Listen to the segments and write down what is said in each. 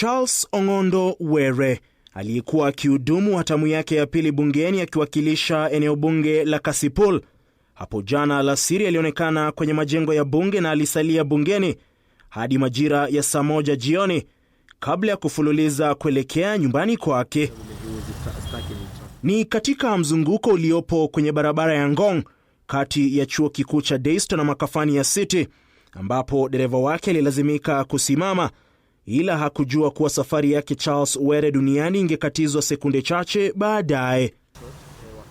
Charles Ong'ondo Were aliyekuwa akihudumu hatamu yake ya pili bungeni akiwakilisha eneo bunge la Kasipul hapo jana alasiri alionekana kwenye majengo ya bunge na alisalia bungeni hadi majira ya saa moja jioni kabla ya kufululiza kuelekea nyumbani kwake. Ni katika mzunguko uliopo kwenye barabara ya Ngong kati ya chuo kikuu cha Deisto na makafani ya City ambapo dereva wake alilazimika kusimama ila hakujua kuwa safari yake Charles Were duniani ingekatizwa sekunde chache baadaye.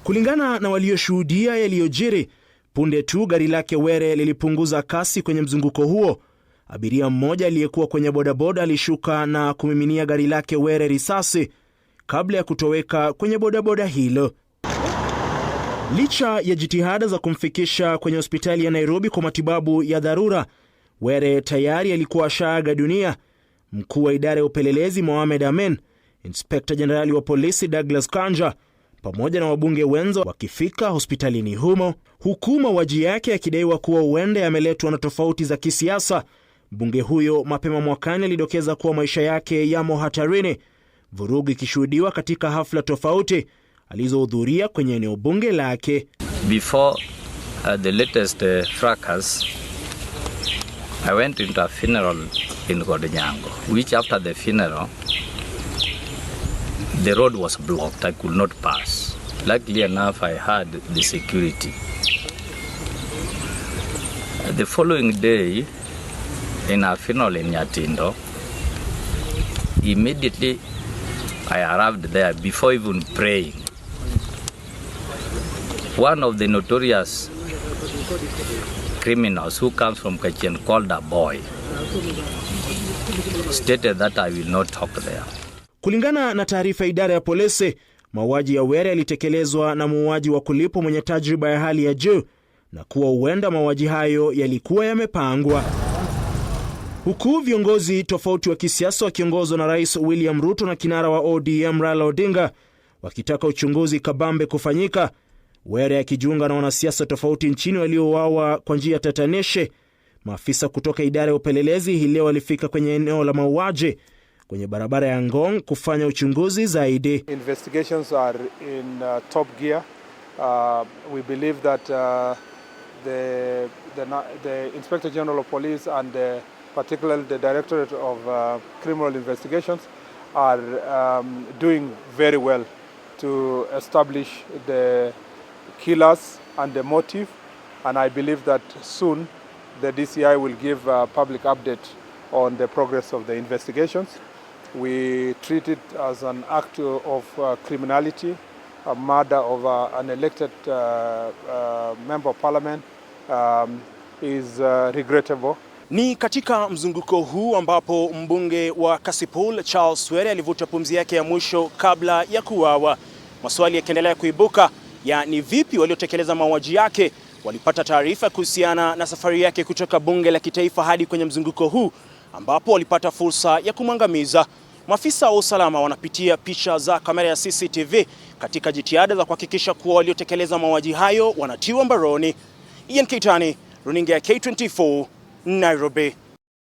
Kulingana na walioshuhudia yaliyojiri, punde tu gari lake Were lilipunguza kasi kwenye mzunguko huo, abiria mmoja aliyekuwa kwenye bodaboda alishuka na kumiminia gari lake Were risasi kabla ya kutoweka kwenye bodaboda hilo. Licha ya jitihada za kumfikisha kwenye hospitali ya Nairobi kwa matibabu ya dharura, Were tayari alikuwa ashaaga dunia mkuu wa idara ya upelelezi Mohamed Amen, inspekta jenerali wa polisi Douglas Kanja pamoja na wabunge wenza wakifika hospitalini humo, huku mauaji yake yakidaiwa kuwa huenda yameletwa na tofauti za kisiasa. Mbunge huyo mapema mwakani alidokeza kuwa maisha yake yamo hatarini, vurugu ikishuhudiwa katika hafla tofauti alizohudhuria kwenye eneo bunge lake. Before, uh, the latest, uh, fracas, I went into a funeral in Godinyango, which after the funeral, the road was blocked. I could not pass. Luckily enough, I had the security. The following day, in our funeral in Nyatindo, immediately I arrived there before even praying. One of the notorious criminals who comes from Kachin called a boy stated that I will not talk there. Kulingana na taarifa ya idara ya polisi, mauaji ya Were yalitekelezwa na muuaji wa kulipwa mwenye tajriba ya hali ya juu na kuwa huenda mauaji hayo yalikuwa yamepangwa. Huku viongozi tofauti wa kisiasa wakiongozwa na Rais William Ruto na kinara wa ODM Raila Odinga wakitaka uchunguzi kabambe kufanyika Were akijiunga na wanasiasa tofauti nchini waliouawa kwa njia ya tatanishe. Maafisa kutoka idara ya upelelezi hii leo walifika kwenye eneo la mauaji kwenye barabara ya Ngong kufanya uchunguzi zaidi. Investigations are in uh, top gear. Uh, we believe that uh, the, the, the Inspector General of Police and the, particularly the Directorate of uh, Criminal Investigations are um, doing very well to establish the killers and the motive and I believe that soon the DCI will give a public update on the progress of the investigations. We treat it as an act of uh, criminality, a murder of uh, an elected uh, uh, member of parliament um, is uh, regrettable. Ni katika mzunguko huu ambapo mbunge wa Kasipul Charles swere alivuta pumzi yake ya mwisho kabla ya kuuawa, maswali yakiendelea kuibuka ya ni vipi waliotekeleza mauaji yake walipata taarifa kuhusiana na safari yake kutoka bunge la kitaifa hadi kwenye mzunguko huu ambapo walipata fursa ya kumwangamiza. Maafisa wa usalama wanapitia picha za kamera ya CCTV katika jitihada za kuhakikisha kuwa waliotekeleza mauaji hayo wanatiwa mbaroni. Ian Kitani, runinga ya K24, Nairobi.